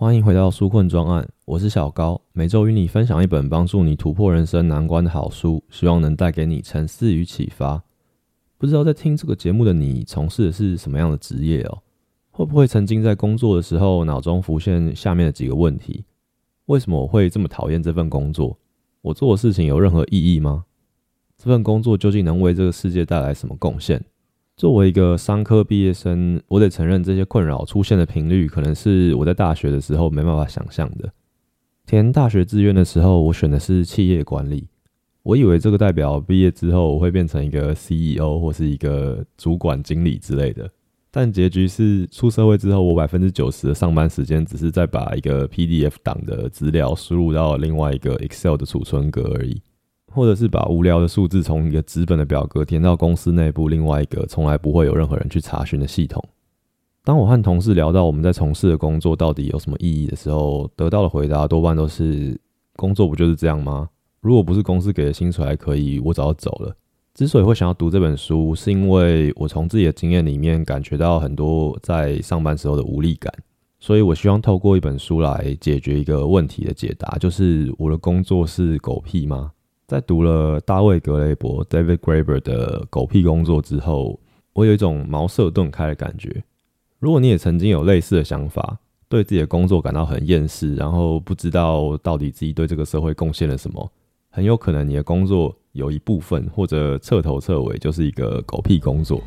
歡迎回到《書困專案》，我是小高，每週與你分享一本幫助你突破人生難關的好書，希望能帶給你沉思與啟發。不知道在聽這個節目的你從事的是什麼樣的職業哦？會不會曾經在工作的時候，腦中浮現下面的幾個問題：為什麼我會這麼討厭這份工作？我做的事情有任何意義嗎？這份工作究竟能為這個世界帶來什麼貢獻？作為一個商科畢業生，我得承認這些困擾出現的頻率可能是我在大學的時候沒辦法想象的。填大學志願的時候，我選的是企業管理，我以為這個代表畢業之後我會變成一個 CEO 或是一個主管經理之類的，但結局是出社會之後我90，我百分之九十的上班時間只是在把一個 PDF 檔的資料輸入到另外一個 Excel 的儲存格而已。或者是把無聊的數字從一個紙本的表格填到公司內部另外一個從來不會有任何人去查詢的系統。當我和同事聊到我們在從事的工作到底有什麼意義的時候，得到的回答多半都是“工作不就是這樣嗎？”如果不是公司給的薪水還可以，我早就走了。之所以會想要讀這本書，是因為我從自己的經驗裡面感覺到很多在上班時候的無力感，所以我希望透過一本書來解決一個問題的解答，就是我的工作是狗屁嗎？在讀了大衛·格雷伯 （David g r a b e r 的“狗屁工作”之後，我有一種茅塞頓開的感覺。如果你也曾經有類似的想法，對自己的工作感到很厭世，然後不知道到底自己對這個社會貢獻了什麼，很有可能你的工作有一部分或者徹頭徹尾就是一個狗屁工作。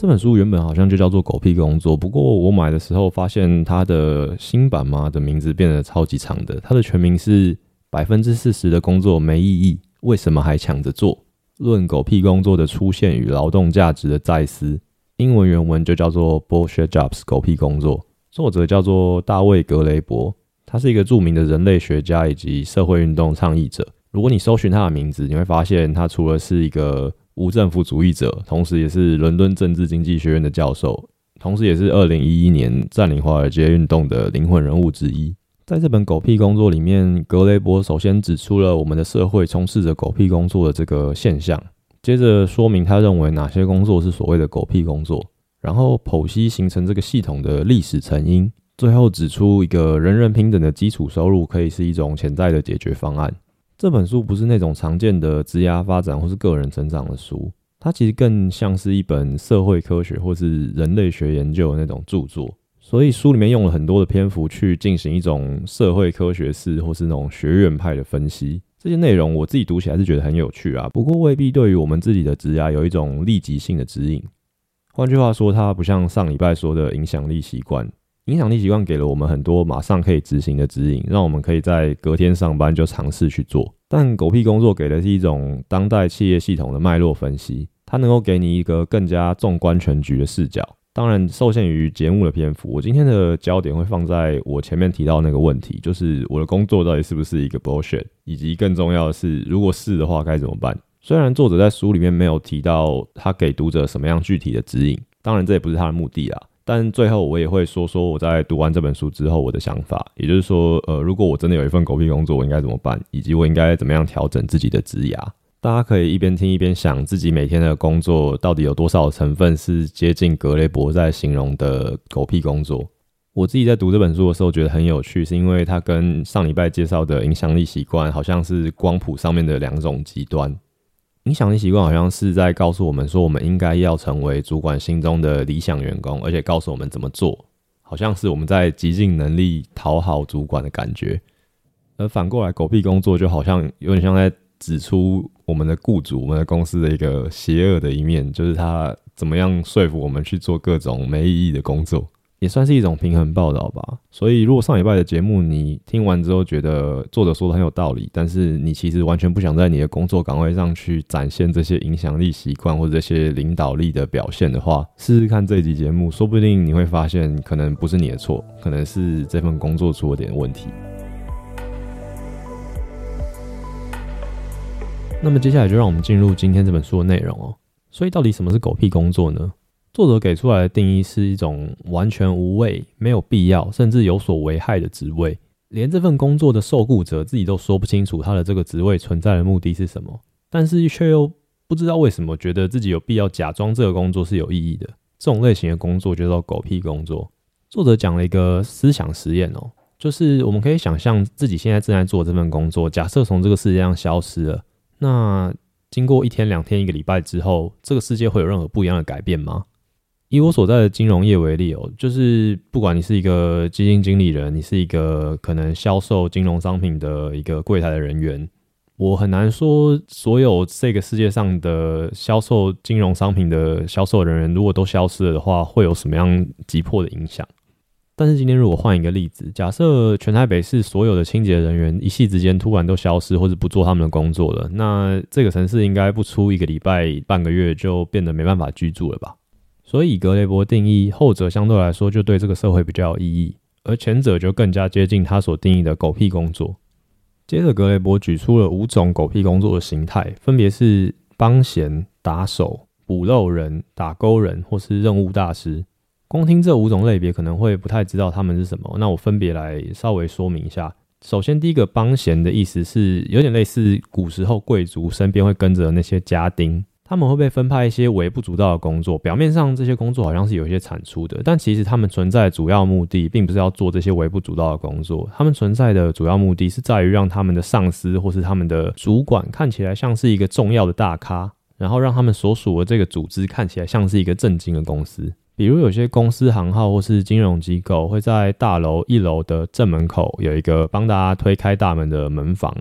這本書原本好像就叫做“狗屁工作”，不過我買的時候發現它的新版嘛的名字變得超級長的。它的全名是40《百分之四十的工作沒意義，為什麼還搶着做？論狗屁工作的出現與勞動價值的再思》。英文原文就叫做《Bullshit Jobs，狗屁工作》。作者叫做大衛·格雷伯。他是一個著名的人類學家以及社會運動倡議者。如果你搜尋他的名字，你會發現他除了是一個無政府主義者，同時也是倫敦政治經濟學院的教授，同時也是二零一一年占領華爾街運動的靈魂人物之一。在這本狗屁工作裡面，格雷伯首先指出了我們的社會充斥着狗屁工作的這個現象，接着說明他認為哪些工作是所謂的狗屁工作，然後剖析形成這個系統的歷史成因，最後指出一個人人平等的基礎收入可以是一種潛在的解決方案。這本書不是那種常見的職涯發展或是個人成長的書，它其實更像是一本社會科學或是人類學研究的那種著作。所以書裡面用了很多的篇幅去進行一種社會科學式或是那種學院派的分析。這些內容我自己讀起來是覺得很有趣啊，不過未必對於我們自己的職涯有一種立即性的指引。換句話說，它不像上禮拜說的影響力習慣。影響力習慣給了我們很多馬上可以執行的指引，讓我們可以在隔天上班就嘗試去做。但狗屁工作給的是一種當代企業系統的脈絡分析，它能夠給你一個更加縱觀全局的視角。當然，受限於節目的篇幅，我今天的焦點會放在我前面提到的那個問題，就是我的工作到底是不是一個 bullshit，以及更重要的是，如果是的話該怎麼辦？雖然作者在書裡面沒有提到他給讀者什麼樣具體的指引，當然這也不是他的目的啦。但最後我也會說說我在讀完這本書之後我的想法，也就是說，呃，如果我真的有一份狗屁工作，我應該怎麼辦，以及我應該怎麼樣調整自己的職涯。大家可以一邊聽一邊想自己每天的工作到底有多少成分是接近格雷伯在形容的狗屁工作。我自己在讀這本書的時候覺得很有趣，是因為它跟上禮拜介紹的影響力習慣好像是光譜上面的兩種極端。影響力習慣好像是在告訴我們說，我們應該要成為主管心中的理想員工，而且告訴我們怎麼做，好像是我們在極盡能力討好主管的感覺。而反過來，狗屁工作就好像有點像在指出我們的雇主、我們的公司的一個邪惡的一面，就是他怎麼樣說服我們去做各種沒意義的工作。也算是一種平衡報道吧。所以，如果上禮拜的節目你聽完之後覺得作者說的很有道理，但是你其實完全不想在你的工作崗位上去展現這些影響力習慣或者這些領導力的表現的話，試試看這集節目，說不定你會發現可能不是你的錯，可能是這份工作出了點問題。那麼，接下來就讓我們進入今天這本書的內容哦。所以，到底什麼是狗屁工作呢？作者給出來的定義是一種完全無謂、沒有必要，甚至有所危害的職位。連這份工作的受雇者自己都說不清楚他的這個職位存在的目的是什麼，但是卻又不知道為什麼覺得自己有必要假裝這個工作是有意義的。這種類型的工作就叫做狗屁工作。作者講了一個思想實驗哦，就是我們可以想象自己現在正在做這份工作，假設從這個世界上消失了，那經過一天、兩天、一個禮拜之後，這個世界會有任何不一樣的改變嗎？以我所在的金融業為例喔，就是不管你是一個基金經理人，你是一個可能銷售金融商品的一個櫃台的人員，我很難說所有這個世界上的銷售金融商品的銷售人員如果都消失了的話，會有什麼樣急迫的影響。但是今天如果換一個例子，假設全台北市所有的清潔人員一夕之間突然都消失或者不做他們的工作了，那這個城市應該不出一個禮拜半個月就變得沒辦法居住了吧？所以，以格雷伯定義，後者相對來說就對這個社會比較有意義，而前者就更加接近他所定義的“狗屁工作”。接着，格雷伯舉出了五種“狗屁工作”的形態，分別是幫閒、打手、捕漏人、打勾人，或是任務大師。光聽這五種類別，可能會不太知道他們是什麼。那我分別來稍微說明一下。首先，第一個幫閒的意思是有點類似古時候貴族身邊會跟着那些家丁。他們會被分派一些微不足道的工作，表面上這些工作好像是有一些產出的，但其實他們存在主要目的，並不是要做這些微不足道的工作。他們存在的主要目的是在於讓他們的上司或是他們的主管看起來像是一個重要的大咖，然後讓他們所屬的這個組織看起來像是一個正經的公司。比如有些公司行號或是金融機構會在大樓一樓的正門口有一個幫大家推開大門的門房。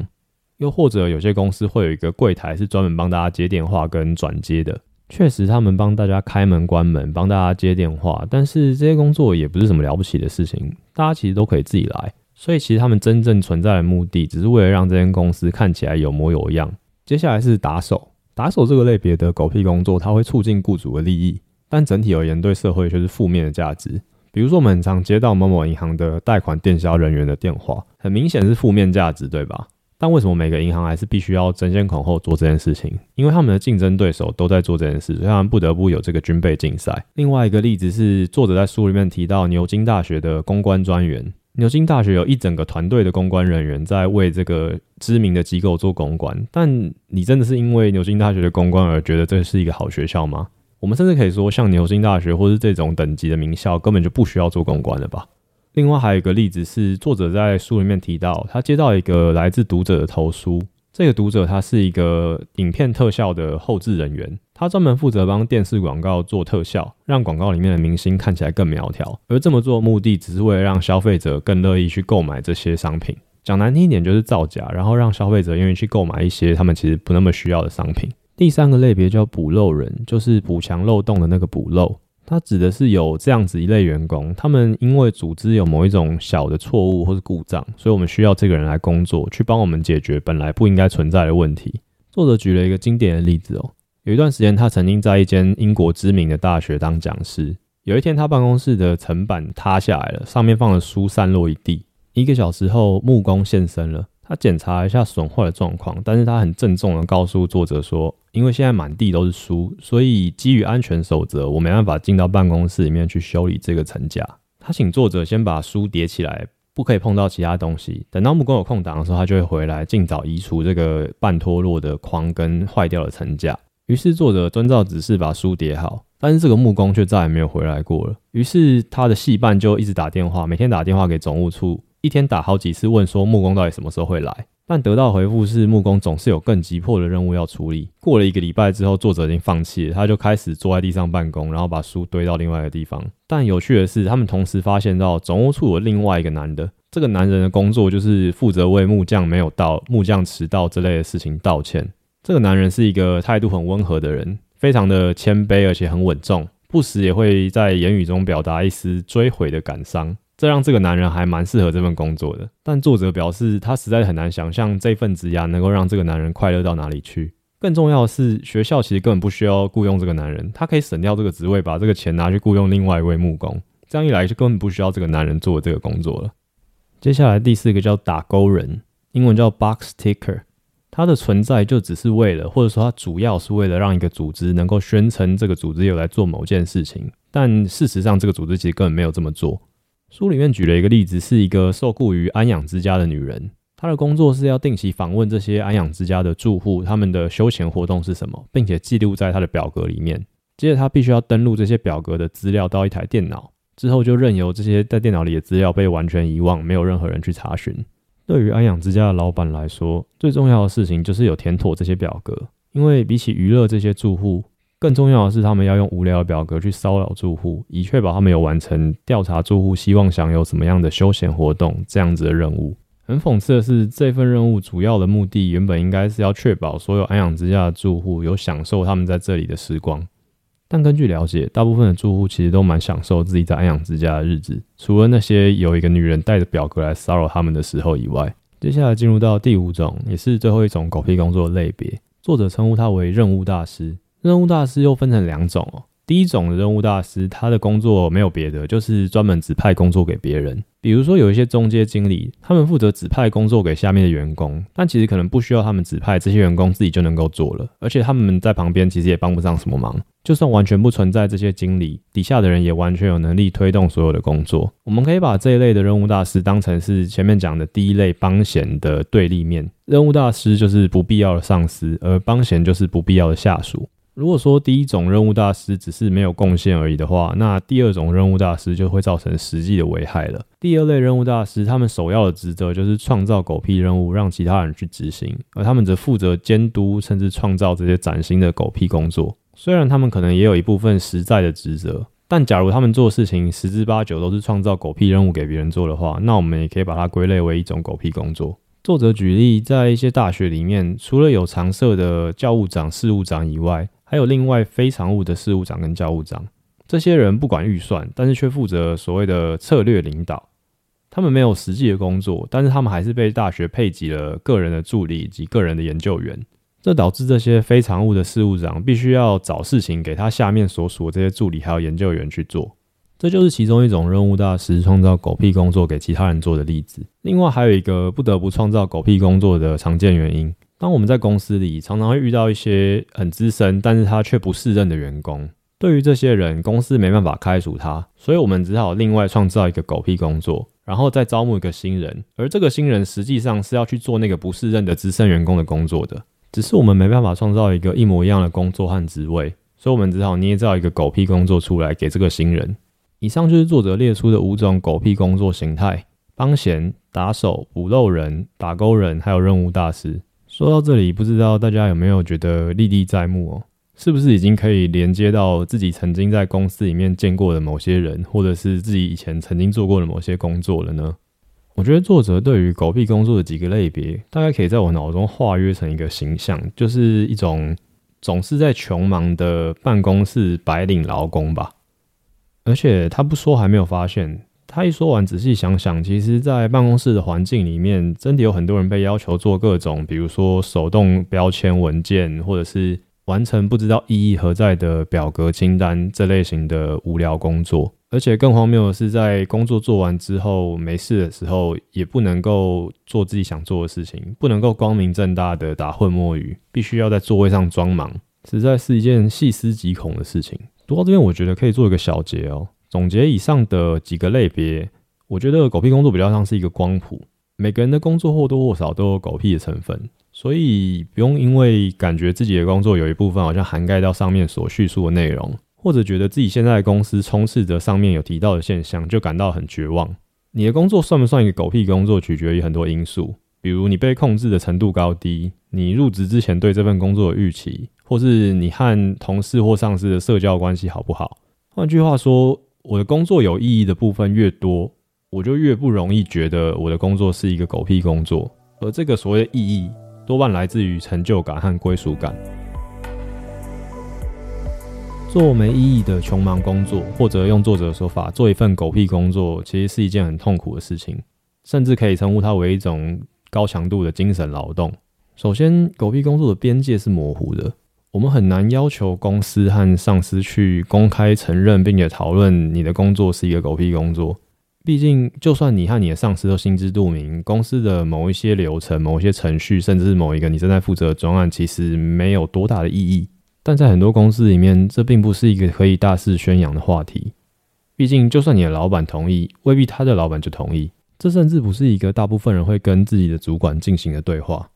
又或者有些公司會有一個櫃台是專門幫大家接電話跟轉接的，確實他們幫大家開門關門，幫大家接電話，但是這些工作也不是什麼了不起的事情，大家其實都可以自己來。所以其實他們真正存在的目的，只是為了讓這間公司看起來有模有樣。接下來是打手，打手這個類別的狗屁工作，它會促進僱主的利益，但整體而言對社會卻是負面的價值。比如說我們很常接到某某銀行的貸款電銷人員的電話，很明顯是負面價值，對吧？但為什麼每個銀行還是必須要爭先恐後做這件事情？因為他們的競爭對手都在做這件事，所以他們不得不有這個軍備競賽。另外一個例子是，作者在書裡面提到牛津大學的公關專員。牛津大學有一整個團隊的公關人員在為這個知名的機構做公關。但你真的是因為牛津大學的公關而覺得這是一個好學校嗎？我們甚至可以說，像牛津大學或是這種等級的名校，根本就不需要做公關了吧？另外還有一個例子是，作者在書裡面提到，他接到一個來自讀者的投書，這個讀者他是一個影片特效的後製人員，他專門負責幫電視廣告做特效，讓廣告裡面的明星看起來更苗條，而這麼做的目的只是為了讓消費者更樂意去購買這些商品。講難聽一點就是造假，然後讓消費者願意去購買一些他們其實不那麼需要的商品。第三個類別叫補漏人，就是補強漏洞的那個補漏。他指的是有這樣子一類員工，他們因為組織有某一種小的錯誤或者故障，所以我們需要這個人來工作，去幫我們解決本來不應該存在的問題。作者舉了一個經典的例子哦，有一段時間他曾經在一間英國知名的大學當講師，有一天他辦公室的層板塌下來了，上面放的書散落一地，一個小時後木工現身了。他檢查一下損壞的狀況，但是他很鄭重的告訴作者說，因為現在滿地都是書，所以基於安全守則，我沒辦法進到辦公室裡面去修理這個層架。他請作者先把書疊起來，不可以碰到其他東西。等到木工有空檔的時候，他就會回來，儘早移除這個半脫落的框跟壞掉的層架。於是作者遵照指示把書疊好，但是這個木工卻再也沒有回來過了。於是他的系辦就一直打電話，每天打電話給總務處。一天打好幾次問說木工到底什麼時候會來，但得到回復是木工總是有更急迫的任務要處理。過了一個禮拜之後，作者已經放棄了，他就開始坐在地上辦公，然後把書堆到另外一個地方。但有趣的是，他們同時發現到總務處有另外一個男的，這個男人的工作就是負責為木匠沒有到、木匠遲到之類的事情道歉。這個男人是一個態度很溫和的人，非常的謙卑，而且很穩重，不時也會在言語中表達一絲追悔的感傷。這讓這個男人還蠻適合這份工作的，但作者表示他實在很難想象這份職涯能夠讓這個男人快樂到哪裡去。更重要的是，學校其實根本不需要雇傭這個男人，他可以省掉這個職位，把這個錢拿去雇傭另外一位木工。這樣一來，就根本不需要這個男人做這個工作了。接下來第四個叫打勾人，英文叫 box ticker，他的存在就只是為了，或者說他主要是為了讓一個組織能夠宣稱這個組織有來做某件事情，但事實上這個組織其實根本沒有這麼做。書裡面舉了一個例子，是一個受雇於安養之家的女人，她的工作是要定期訪問這些安養之家的住戶，他們的休閒活動是什麼，並且記錄在她的表格裡面。接着她必須要登錄這些表格的資料到一台電腦，之後就任由這些在電腦裡的資料被完全遺忘，沒有任何人去查詢。對於安養之家的老闆來說，最重要的事情就是有填妥這些表格，因為比起娛樂這些住戶，更重要的是，他們要用無聊的表格去騷擾住戶，以確保他們有完成調查住戶希望享有什麼樣的休閒活動，這樣子的任務。很諷刺的是，這份任務主要的目的原本應該是要確保所有安養之家的住戶有享受他們在這裡的時光。但根據了解，大部分的住戶其實都蠻享受自己在安養之家的日子，除了那些有一個女人帶着表格來騷擾他們的時候以外。接下來進入到第五種，也是最後一種狗屁工作的類別，作者稱呼他為“任務大師”。任務大師又分成兩種哦。第一種的任務大師，他的工作沒有別的，就是專門指派工作給別人。比如說有一些中介經理，他們負責指派工作給下面的員工，但其實可能不需要他們指派，這些員工自己就能夠做了。而且他們在旁邊其實也幫不上什麼忙。就算完全不存在這些經理，底下的人也完全有能力推動所有的工作。我們可以把這一類的任務大師當成是前面講的第一類幫閒的對立面。任務大師就是不必要的上司，而幫閒就是不必要的下屬。如果說第一種任務大師只是沒有貢獻而已的話，那第二種任務大師就會造成實際的危害了。第二類任務大師，他們首要的職責就是創造狗屁任務，讓其他人去執行，而他們則負責監督甚至創造這些嶄新的狗屁工作。雖然他們可能也有一部分實在的職責，但假如他們做事情十之八九都是創造狗屁任務給別人做的話，那我們也可以把它歸類為一種狗屁工作。作者舉例，在一些大學裡面，除了有常設的教務長、事務長以外，還有另外非常務的事務長跟教務長，這些人不管預算，但是卻負責所謂的策略領導。他們沒有實際的工作，但是他們還是被大學配給了個人的助理及個人的研究員。這導致這些非常務的事務長必須要找事情給他下面所屬的這些助理還有研究員去做。這就是其中一種任務大師創造狗屁工作給其他人做的例子。另外還有一個不得不創造狗屁工作的常見原因。當我們在公司裡，常常會遇到一些很資深，但是他卻不適任的員工。對於這些人，公司沒辦法開除他，所以我們只好另外創造一個狗屁工作，然後再招募一個新人。而這個新人實際上是要去做那個不適任的資深員工的工作的，只是我們沒辦法創造一個一模一樣的工作和職位，所以我們只好捏造一個狗屁工作出來給這個新人。以上就是作者列出的五種狗屁工作形態：幫閒、打手、補漏人、打勾人，還有任務大師。說到這裡，不知道大家有沒有覺得歷歷在目哦？是不是已經可以連接到自己曾經在公司裡面見過的某些人，或者是自己以前曾經做過的某些工作了呢？我覺得作者對於狗屁工作的幾個類別，大概可以在我腦中化約成一個形象，就是一種總是在窮忙的辦公室白領勞工吧。而且他不說，還沒有發現。他一說完，仔細想想，其實，在辦公室的環境裡面，真的有很多人被要求做各種，比如說手動標籤文件，或者是完成不知道意義何在的表格清單這類型的無聊工作。而且更荒謬的是，在工作做完之後，沒事的時候也不能夠做自己想做的事情，不能夠光明正大的打混摸魚，必須要在座位上裝忙，實在是一件細思極恐的事情。讀到這邊，我覺得可以做一個小結哦、喔。總結以上的幾個類別，我覺得狗屁工作比較像是一個光譜，每個人的工作或多或少都有狗屁的成分，所以不用因為感覺自己的工作有一部分好像涵蓋到上面所敘述的內容，或者覺得自己現在的公司充斥着上面有提到的現象，就感到很絕望。你的工作算不算一個狗屁工作，取決於很多因素，比如你被控制的程度高低，你入職之前對這份工作的預期，或是你和同事或上司的社交關係好不好。換句話說，我的工作有意義的部分越多，我就越不容易覺得我的工作是一個狗屁工作。而這個所謂的意義，多半來自於成就感和歸屬感。做沒意義的窮忙工作，或者用作者的說法，做一份狗屁工作，其實是一件很痛苦的事情，甚至可以稱呼它為一種高強度的精神勞動。首先，狗屁工作的邊界是模糊的。我們很難要求公司和上司去公開承認，並且討論你的工作是一個狗屁工作。畢竟，就算你和你的上司都心知肚明，公司的某一些流程、某一些程序，甚至某一個你正在負責的專案，其實沒有多大的意義。但在很多公司裡面，這並不是一個可以大肆宣揚的話題。畢竟，就算你的老闆同意，未必他的老闆就同意。這甚至不是一個大部分人會跟自己的主管進行的對話。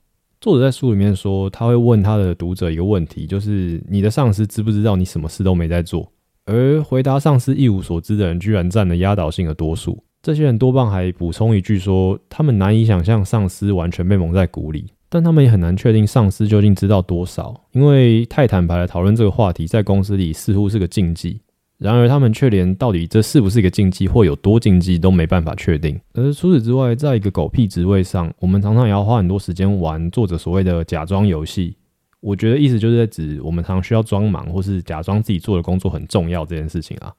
作者在書裡面說，他會問他的讀者一個問題，就是你的上司知不知道你什麼事都沒在做？而回答上司一無所知的人，居然佔了壓倒性的多數。這些人多半還補充一句說，他們難以想象上司完全被蒙在鼓裡，但他們也很難確定上司究竟知道多少，因為太坦白地討論這個話題，在公司裡似乎是個禁忌。然而，他們卻連到底這是不是一個禁忌或有多禁忌都沒辦法確定。而除此之外，在一個狗屁職位上，我們常常也要花很多時間玩作者所謂的“假裝遊戲”。我覺得意思就是在指我們常常需要裝忙或是假裝自己做的工作很重要這件事情啊。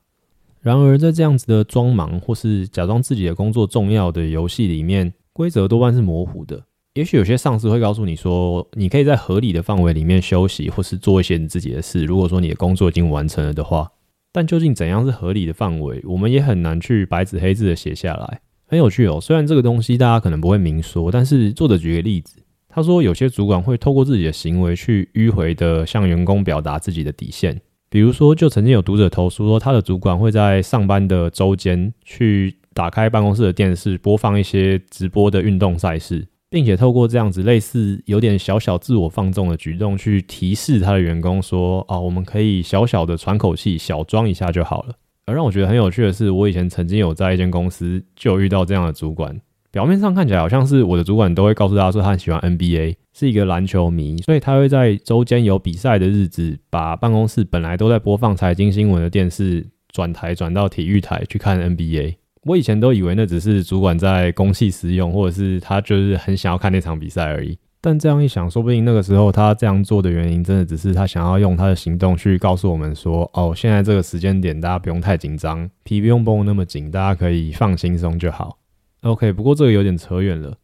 然而，在這樣子的裝忙或是假裝自己的工作重要的遊戲裡面，規則多半是模糊的。也許有些上司會告訴你說，你可以在合理的範圍裡面休息或是做一些你自己的事，如果說你的工作已經完成了的話。但究竟怎樣是合理的範圍，我們也很難去白紙黑字的寫下來。很有趣哦，雖然這個東西大家可能不會明說，但是作者舉個例子，他說有些主管會透過自己的行為去迂回的向員工表達自己的底線。比如說，就曾經有讀者投訴說，他的主管會在上班的周間去打開辦公室的電視，播放一些直播的運動賽事。並且透過這樣子類似有點小小自我放縱的舉動，去提示他的員工說：啊，我們可以小小的喘口氣，小裝一下就好了。而讓我覺得很有趣的是，我以前曾經有在一間公司就遇到這樣的主管，表面上看起來好像是我的主管都會告訴他說他很喜歡 NBA，是一個籃球迷，所以他會在週間有比賽的日子，把辦公室本來都在播放財經新聞的電視轉台轉到體育台去看 NBA。我以前都以為那只是主管在公器私用，或者是他就是很想要看那場比賽而已。但這樣一想，說不定那個時候他這樣做的原因，真的只是他想要用他的行動去告訴我們說：“哦，現在這個時間點大家不用太緊張，皮不用繃那麼緊，大家可以放輕鬆就好。” OK，不過這個有點扯遠了。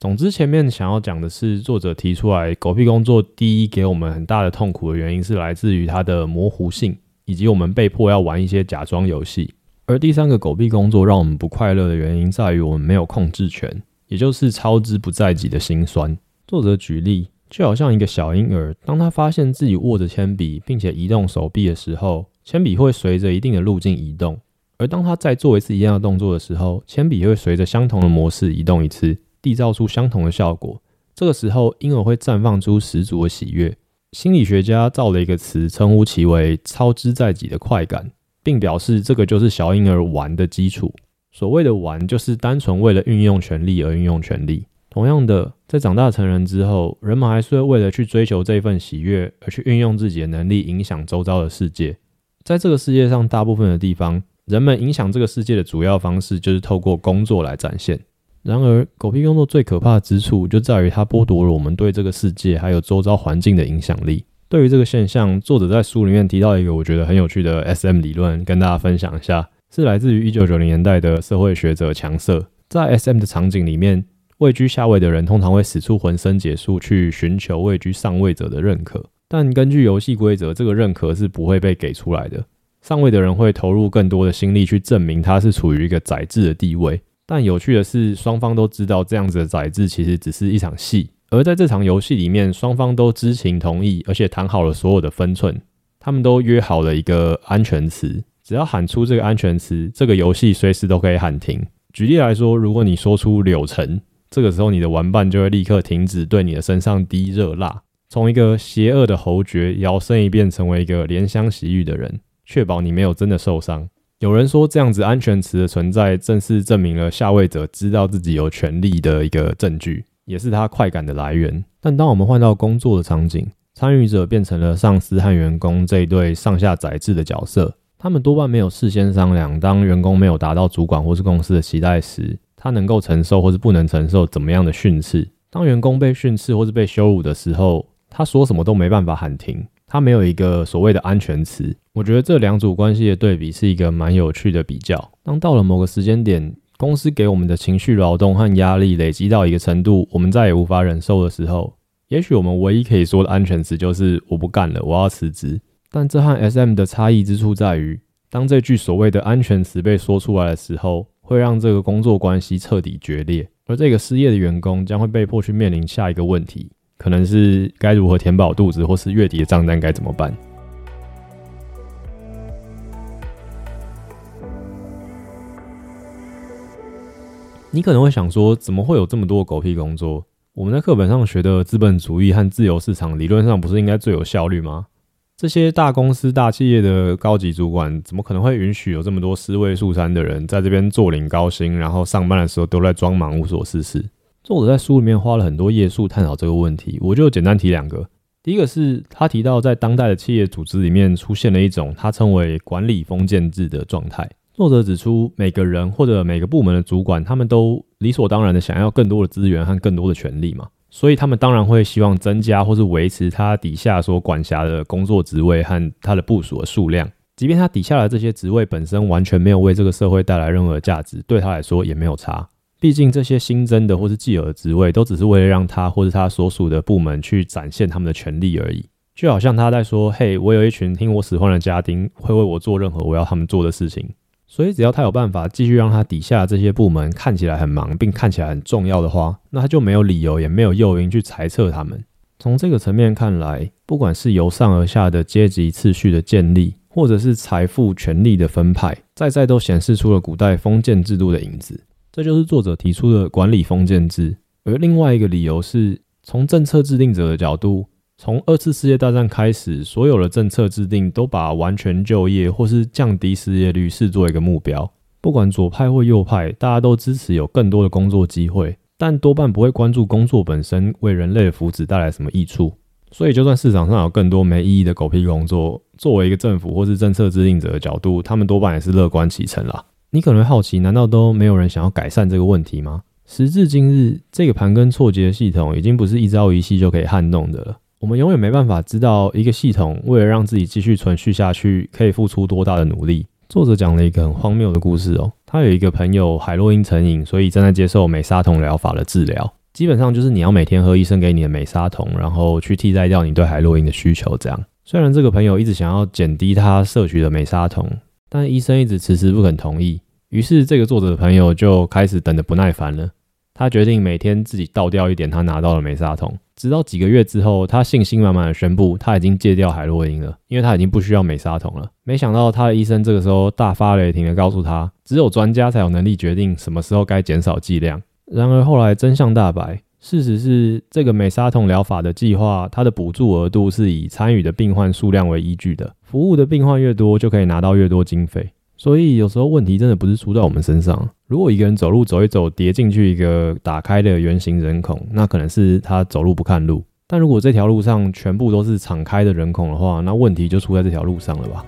總之，前面想要講的是，作者提出來狗屁工作第一給我們很大的痛苦的原因，是來自於它的模糊性，以及我們被迫要玩一些假裝遊戲。而第三個狗屁工作讓我們不快樂的原因，在於我們沒有控制權，也就是操之不在己的心酸。作者舉例，就好像一個小嬰兒，當他發現自己握着鉛筆，並且移動手臂的時候，鉛筆會隨着一定的路徑移動；而當他再做一次一樣的動作的時候，鉛筆也會隨着相同的模式移動一次，締造出相同的效果。這個時候，嬰兒會綻放出十足的喜悅。心理學家造了一個詞，稱呼其為“操之在己”的快感。並表示，這個就是小嬰兒玩的基礎。所謂的玩，就是單純為了運用權力而運用權力。同樣的，在長大成人之後，人們還是會為了去追求這份喜悅，而去運用自己的能力影響周遭的世界。在這個世界上，大部分的地方，人們影響這個世界的主要方式，就是透過工作來展現。然而，狗屁工作最可怕之處，就在於它剝奪了我們對這個世界還有周遭環境的影響力。對於這個現象，作者在書裡面提到一個我覺得很有趣的 S M 理論，跟大家分享一下，是來自於一九九零年代的社會學者強色。在 S M 的場景裡面，位居下位的人通常會使出渾身解數去尋求位居上位者的認可，但根據遊戲規則，這個認可是不會被給出來的。上位的人會投入更多的心力去證明他是處於一個宰制的地位，但有趣的是，雙方都知道這樣子的宰制其實只是一場戲。而在這場遊戲裡面，雙方都知情同意，而且談好了所有的分寸。他們都約好了一個安全詞，只要喊出這個安全詞，這個遊戲隨時都可以喊停。舉例來說，如果你說出柳橙，這個時候你的玩伴就會立刻停止對你的身上滴熱蠟。從一個邪惡的侯爵搖身一變成為一個憐香惜玉的人，確保你沒有真的受傷。有人說，這樣子安全詞的存在，正是證明了下位者知道自己有權利的一個證據。也是他快感的來源，但當我們換到工作的場景，參與者變成了上司和員工這一對上下宰制的角色，他們多半沒有事先商量。當員工沒有達到主管或是公司的期待時，他能夠承受或是不能承受怎麼樣的訓斥？當員工被訓斥或是被羞辱的時候，他說什麼都沒辦法喊停，他沒有一個所謂的安全詞。我覺得這兩組關係的對比是一個蠻有趣的比較。當到了某個時間點，公司給我們的情緒勞動和壓力累積到一個程度，我們再也無法忍受的時候，也許我們唯一可以說的安全詞就是“我不幹了，我要辭職”。但這和 SM 的差異之處在於，當這句所謂的安全詞被說出來的時候，會讓這個工作關係徹底決裂，而這個失業的員工將會被迫去面臨下一個問題，可能是該如何填飽肚子，或是月底的賬單該怎麼辦。你可能會想說，怎麼會有這麼多狗屁工作？我們在課本上學的資本主義和自由市場，理論上不是應該最有效率嗎？這些大公司大企業的高級主管，怎麼可能會允許有這麼多尸位素餐的人在這邊坐領高薪，然後上班的時候都在裝忙無所事事？作者在書裡面花了很多頁數探討這個問題，我就簡單提兩個。第一個是他提到，在當代的企業組織裡面，出現了一種他稱為“管理封建制”的狀態。作者指出，每個人或者每個部門的主管，他們都理所當然的想要更多的資源和更多的權力嘛，所以他們當然會希望增加或是維持他底下所管轄的工作職位和他的部屬的數量，即便他底下的這些職位本身完全沒有為這個社會帶來任何價值，對他來說也沒有差。畢竟這些新增的或是既有的職位，都只是為了讓他或者他所屬的部門去展現他們的權力而已。就好像他在說：“嘿，我有一群聽我使喚的家丁，會為我做任何我要他們做的事情。”所以，只要他有辦法繼續讓他底下這些部門看起來很忙，並看起來很重要的話，那他就沒有理由也沒有誘因去裁撤他們。從這個層面看來，不管是由上而下的階級次序的建立，或者是財富權力的分派，在在都顯示出了古代封建制度的影子。這就是作者提出的管理封建制。而另外一個理由是從政策制定者的角度。從二次世界大戰開始，所有的政策制定都把完全就業或是降低失業率視作一個目標。不管左派或右派，大家都支持有更多的工作機會，但多半不會關注工作本身為人類的福祉帶來什麼益處。所以，就算市場上有更多沒意義的狗屁工作，作為一個政府或是政策制定者的角度，他們多半也是樂觀其成啦。你可能會好奇，難道都沒有人想要改善這個問題嗎？時至今日，這個盤根錯節的系統已經不是一朝一夕就可以撼動的了。我們永遠沒辦法知道一個系統為了讓自己繼續存續下去，可以付出多大的努力。作者講了一個很荒謬的故事哦，他有一個朋友海洛因成癮，所以正在接受美沙酮療法的治療。基本上就是你要每天喝醫生給你的美沙酮，然後去替代掉你對海洛因的需求。這樣，雖然這個朋友一直想要減低他攝取的美沙酮，但醫生一直遲遲不肯同意。於是，這個作者的朋友就開始等得不耐煩了。他決定每天自己倒掉一點他拿到的美沙酮，直到幾個月之後，他信心滿滿的宣布他已經戒掉海洛因了，因為他已經不需要美沙酮了。沒想到他的醫生這個時候大發雷霆的告訴他，只有專家才有能力決定什麼時候該減少劑量。然而後來真相大白，事實是這個美沙酮療法的計劃，它的補助額度是以參與的病患數量為依據的，服務的病患越多，就可以拿到越多經費。所以有時候問題真的不是出在我們身上。如果一個人走路走一走，跌進去一個打開的圓形人孔，那可能是他走路不看路。但如果這條路上全部都是敞開的人孔的話，那問題就出在這條路上了吧？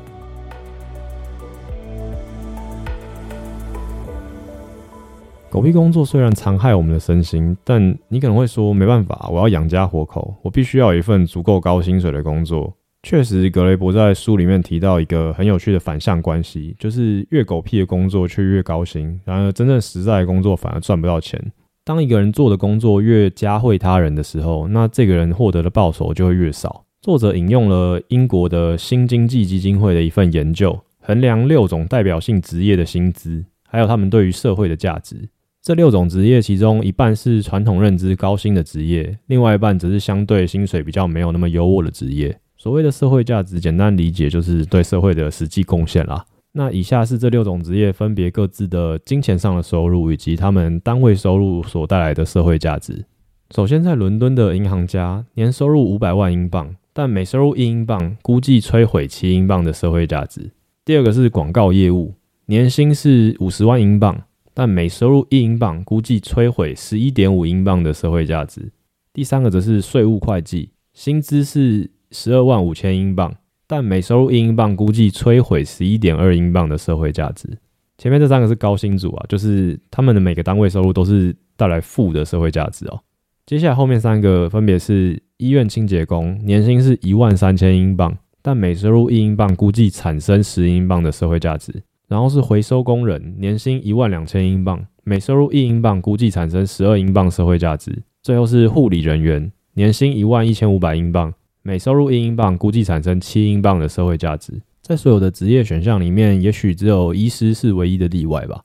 狗屁工作雖然殘害我們的身心，但你可能會說，沒辦法，我要養家活口，我必須要有一份足夠高薪水的工作。確實，格雷伯在書裡面提到一個很有趣的反向關係，就是越狗屁的工作卻越高薪，然而真正實在的工作反而賺不到錢。當一個人做的工作越加惠他人的時候，那這個人獲得的報酬就會越少。作者引用了英國的新經濟基金會的一份研究，衡量六種代表性職業的薪資，還有他們對於社會的價值。這六種職業其中一半是傳統認知高薪的職業，另外一半則是相對薪水比較沒有那麼優渥的職業。所謂的社會價值，簡單理解就是對社會的實際貢獻啦。那以下是這六種職業分別各自的金錢上的收入，以及他們單位收入所帶來的社會價值。首先，在倫敦的銀行家，年收入五百萬英鎊，但每收入一英鎊，估計摧毀七英鎊的社會價值。第二個是廣告業務，年薪是五十萬英鎊，但每收入一英鎊，估計摧毀十一點五英鎊的社會價值。第三個則是稅務會計，薪資是。十二萬五千英鎊，但每收入一英鎊，估計摧毀十一點二英鎊的社會價值。前面這三個是高薪組啊，就是他們的每個單位收入都是帶來負的社會價值哦。接下來後面三個分別是醫院清潔工，年薪是一萬三千英鎊，但每收入一英鎊，估計產生十英鎊的社會價值。然後是回收工人，年薪一萬兩千英鎊，每收入一英鎊，估計產生十二英鎊社會價值。最後是護理人員，年薪一萬一千五百英鎊。每收入一英鎊，估計產生七英鎊的社會價值。在所有的職業選項裡面，也許只有醫師是唯一的例外吧。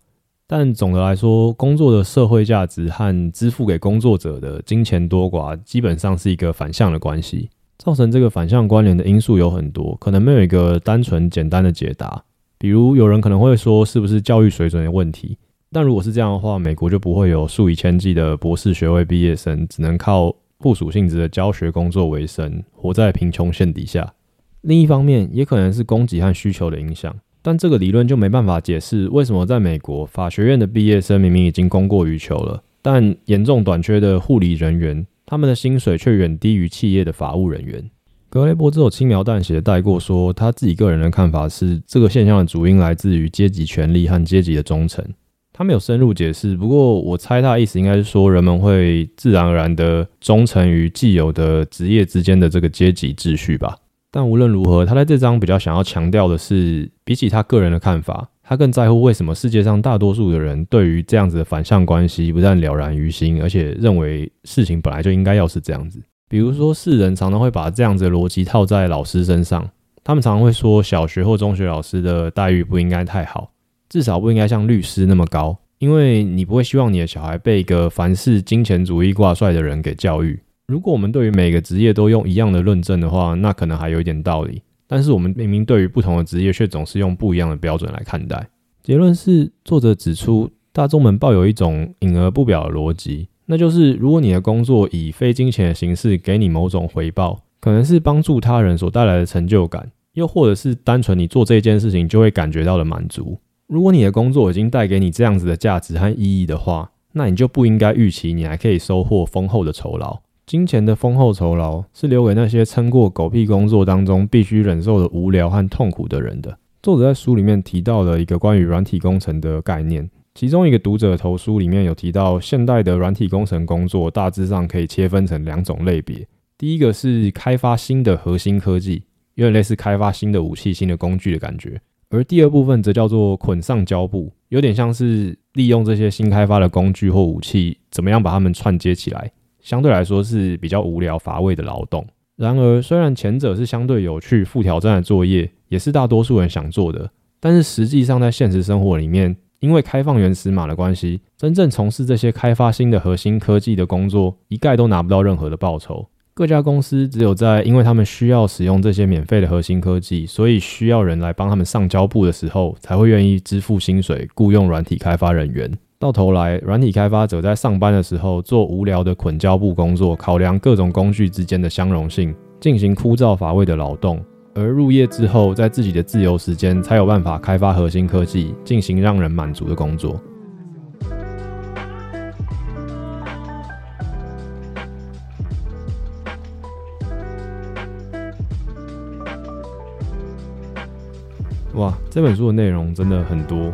但總的來說，工作的社會價值和支付給工作者的金錢多寡，基本上是一個反向的關係。造成這個反向關聯的因素有很多，可能沒有一個單純簡單的解答。比如，有人可能會說，是不是教育水準的問題？但如果是這樣的話，美國就不會有數以千計的博士學位畢業生，只能靠。部屬性質的教學工作為生，活在貧窮線底下。另一方面，也可能是供給和需求的影響。但這個理論就沒辦法解釋為什麼在美國，法學院的畢業生明明已經供過於求了，但嚴重短缺的護理人員，他們的薪水卻遠低於企業的法務人員。格雷伯只有輕描淡寫帶過說，說他自己個人的看法是，這個現象的主因來自於階級權力和階級的忠誠。他沒有深入解釋，不過我猜他的意思應該是說，人們會自然而然的忠誠於既有的職業之間的這個階級秩序吧。但無論如何，他在這章比較想要強調的是，比起他個人的看法，他更在乎為什麼世界上大多數的人對於這樣子的反向關係不但了然於心，而且認為事情本來就應該要是這樣子。比如說，世人常常會把這樣子的邏輯套在老師身上，他們常常會說，小學或中學老師的待遇不應該太好。至少不應該像律師那麼高，因為你不會希望你的小孩被一個凡事金錢主義掛帥的人給教育。如果我們對於每個職業都用一樣的論證的話，那可能還有一點道理。但是我們明明對於不同的職業卻總是用不一樣的標準來看待。結論是，作者指出，大眾們抱有一種隱而不表的邏輯，那就是如果你的工作以非金錢的形式給你某種回報，可能是幫助他人所帶來的成就感，又或者是單純你做這件事情就會感覺到的滿足。如果你的工作已經帶給你這樣子的價值和意義的話，那你就不應該預期你還可以收穫豐厚的酬勞。金錢的豐厚酬勞是留給那些撐過狗屁工作當中必須忍受的無聊和痛苦的人的。作者在書裡面提到了一個關於軟體工程的概念，其中一個讀者的投書裡面有提到，現代的軟體工程工作大致上可以切分成兩種類別，第一個是開發新的核心科技，有點類似開發新的武器、新的工具的感覺。而第二部分則叫做捆上膠布，有點像是利用這些新開發的工具或武器，怎麼樣把它們串接起來，相對來說是比較無聊乏味的勞動。然而，雖然前者是相對有趣、富挑戰的作業，也是大多數人想做的，但是實際上在現實生活裡面，因為開放原始碼的關係，真正從事這些開發新的核心科技的工作，一概都拿不到任何的報酬。各家公司只有在因為他們需要使用這些免費的核心科技，所以需要人來幫他們上膠布的時候，才會願意支付薪水，僱傭軟體開發人員。到頭來，軟體開發者在上班的時候做無聊的綑膠布工作，考量各種工具之間的相容性，進行枯燥乏味的勞動；而入夜之後，在自己的自由時間，才有辦法開發核心科技，進行讓人滿足的工作。哇，這本書的內容真的很多，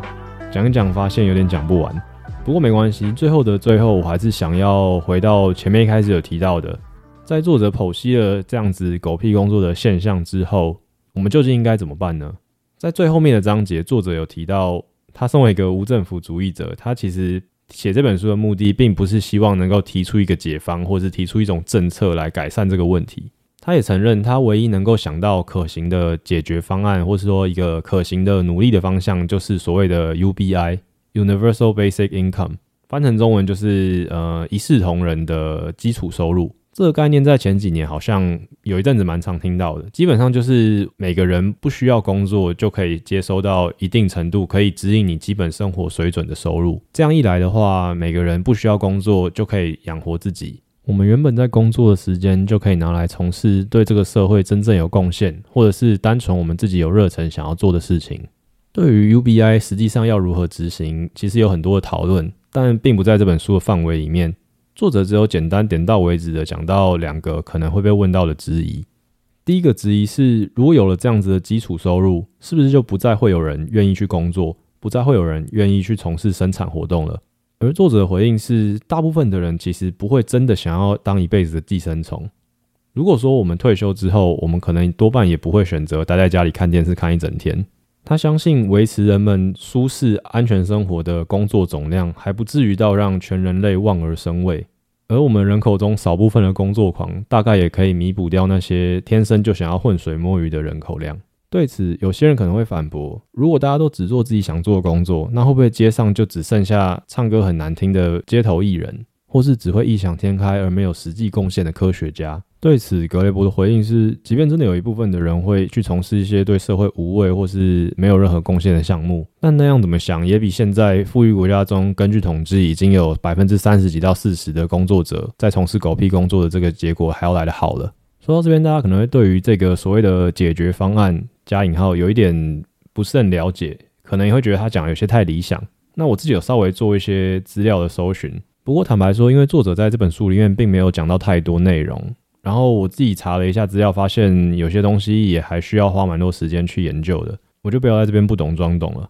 講一講發現有點講不完。不過沒關係，最後的最後，我還是想要回到前面一開始有提到的，在作者剖析了這樣子狗屁工作的現象之後，我們究竟應該怎麼辦呢？在最後面的章節，作者有提到，他身為一個無政府主義者，他其實寫這本書的目的，並不是希望能夠提出一個解方，或是提出一種政策來改善這個問題。他也承認，他唯一能夠想到可行的解決方案，或是說一個可行的努力的方向，就是所謂的 UBI（Universal Basic Income），翻成中文就是呃一視同仁的基礎收入。這個概念在前幾年好像有一陣子蠻常聽到的。基本上就是每個人不需要工作就可以接收到一定程度可以指引你基本生活水準的收入。這樣一來的話，每個人不需要工作就可以養活自己。我們原本在工作的時間，就可以拿來從事對這個社會真正有貢獻，或者是單純我們自己有熱忱想要做的事情。對於 UBI 實際上要如何執行，其實有很多的討論，但並不在這本書的範圍裡面。作者只有簡單點到為止的講到兩個可能會被問到的質疑。第一個質疑是，如果有了這樣子的基礎收入，是不是就不再會有人願意去工作，不再會有人願意去從事生產活動了？而作者的回應是：大部分的人其實不會真的想要當一輩子的寄生蟲。如果說我們退休之後，我們可能多半也不會選擇待在家裡看電視看一整天。他相信維持人們舒適、安全生活的工作總量還不至於到讓全人類望而生畏，而我們人口中少部分的工作狂，大概也可以彌補掉那些天生就想要渾水摸魚的人口量。對此，有些人可能會反駁：如果大家都只做自己想做的工作，那會不會街上就只剩下唱歌很難聽的街頭藝人，或是只會異想天開而沒有實際貢獻的科學家？對此，格雷伯的回應是：即便真的有一部分的人會去從事一些對社會無謂或是沒有任何貢獻的項目，但那樣怎麼想也比現在富裕國家中，根據統計已經有百分之三十幾到四十的工作者在從事狗屁工作的這個結果還要來得好了。說到這邊，大家可能會對於這個所謂的解決方案。加引號，有一點不是很了解，可能也會覺得他講的有些太理想。那我自己有稍微做一些資料的搜尋，不過坦白說，因為作者在這本書裡面並沒有講到太多內容，然後我自己查了一下資料，發現有些東西也還需要花蠻多時間去研究的，我就不要在這邊不懂裝懂了。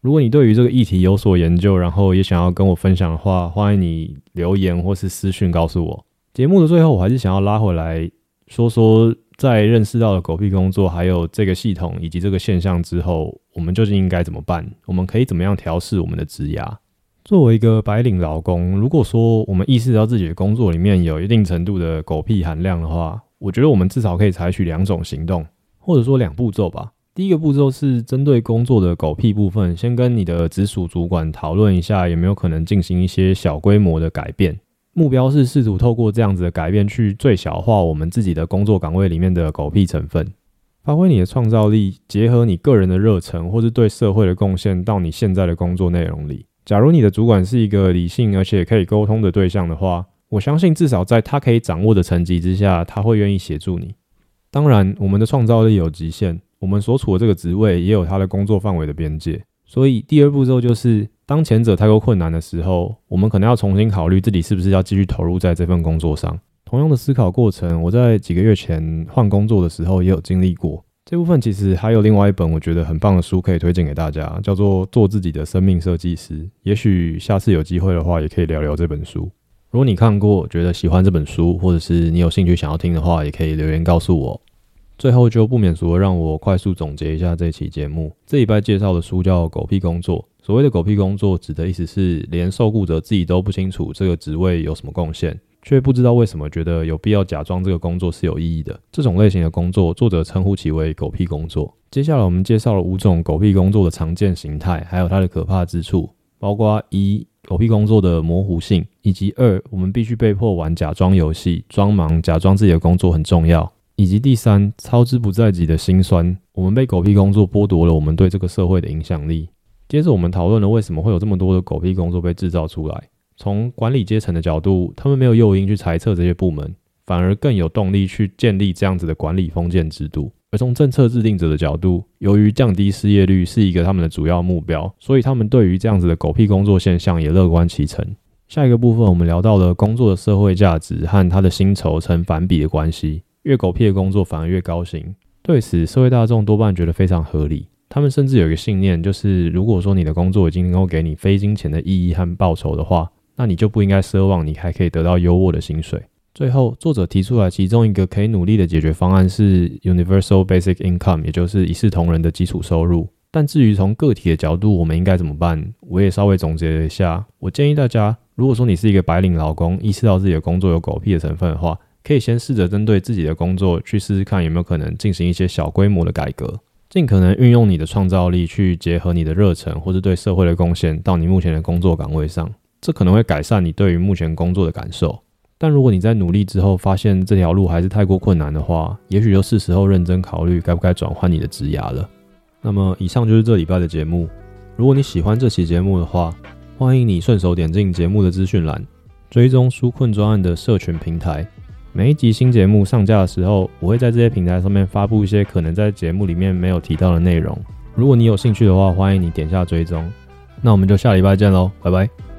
如果你對於這個議題有所研究，然後也想要跟我分享的話，歡迎你留言或是私訊告訴我。節目的最後，我還是想要拉回來，說說。在認識到了狗屁工作，還有這個系統以及這個現象之後，我們究竟應該怎麼辦？我們可以怎麼樣調適我們的職涯？作為一個白領勞工，如果說我們意識到自己的工作裡面有一定程度的狗屁含量的話，我覺得我們至少可以採取兩種行動，或者說兩步驟吧。第一個步驟是針對工作的狗屁部分，先跟你的直屬主管討論一下，有沒有可能進行一些小規模的改變。目標是試圖透過這樣子的改變去最小化我們自己的工作崗位裡面的狗屁成分，發揮你的創造力，結合你個人的熱忱或是對社會的貢獻到你現在的工作內容裡。假如你的主管是一個理性而且可以溝通的對象的話，我相信至少在他可以掌握的層級之下，他會願意協助你。當然，我們的創造力有極限，我們所處的這個職位也有他的工作範圍的邊界，所以第二步驟就是。當前者太過困難的時候，我們可能要重新考慮自己是不是要繼續投入在這份工作上。同樣的思考過程，我在幾個月前換工作的時候也有經歷過。這部分其實還有另外一本我覺得很棒的書可以推薦給大家，叫做《做自己的生命設計師》。也許下次有機會的話，也可以聊聊這本書。如果你看過，覺得喜歡這本書，或者是你有興趣想要聽的話，也可以留言告訴我。最後就不免俗了，讓我快速總結一下這期節目。這禮拜介紹的書叫《狗屁工作》。所謂的“狗屁工作”，指的意思是連受僱者自己都不清楚這個職位有什麼貢獻，卻不知道為什麼覺得有必要假裝這個工作是有意義的。這種類型的工作，作者稱呼其為“狗屁工作”。接下來我們介紹了五種狗屁工作的常見形態，還有它的可怕之處，包括一，狗屁工作的模糊性，以及二，我們必須被迫玩假裝遊戲，裝忙，假裝自己的工作很重要。以及第三，操之不在己的心酸。我們被狗屁工作剝奪了我們對這個社會的影響力。接着，我們討論了為什麼會有這麼多的狗屁工作被製造出來。從管理階層的角度，他們沒有誘因去裁撤這些部門，反而更有動力去建立這樣子的管理封建制度。而從政策制定者的角度，由於降低失業率是一個他們的主要目標，所以他們對於這樣子的狗屁工作現象也樂觀其成。下一個部分，我們聊到了工作的社會價值和它的薪酬成反比的關係。越狗屁的工作反而越高薪，對此社會大眾多半覺得非常合理。他們甚至有一個信念，就是如果說你的工作已經能夠給你非金錢的意義和報酬的話，那你就不應該奢望你還可以得到優渥的薪水。最後，作者提出來其中一個可以努力的解決方案是 universal basic income，也就是一視同仁的基礎收入。但至於從個體的角度，我們應該怎麼辦？我也稍微總結了一下。我建議大家，如果說你是一個白領勞工，意識到自己的工作有狗屁的成分的話，可以先試着針對自己的工作去試試看有沒有可能進行一些小規模的改革，盡可能運用你的創造力去結合你的熱忱或是對社會的貢獻到你目前的工作崗位上，這可能會改善你對於目前工作的感受。但如果你在努力之後發現這條路還是太過困難的話，也許就是時候認真考慮該不該轉換你的職業了。那麼，以上就是這禮拜的節目。如果你喜歡這期節目的話，歡迎你順手點進節目的資訊欄，追蹤書困專案的社群平台。每一集新節目上架的時候，我會在這些平台上面發布一些可能在節目裡面沒有提到的內容。如果你有興趣的話，歡迎你點下追蹤。那我們就下禮拜見嘍，拜拜。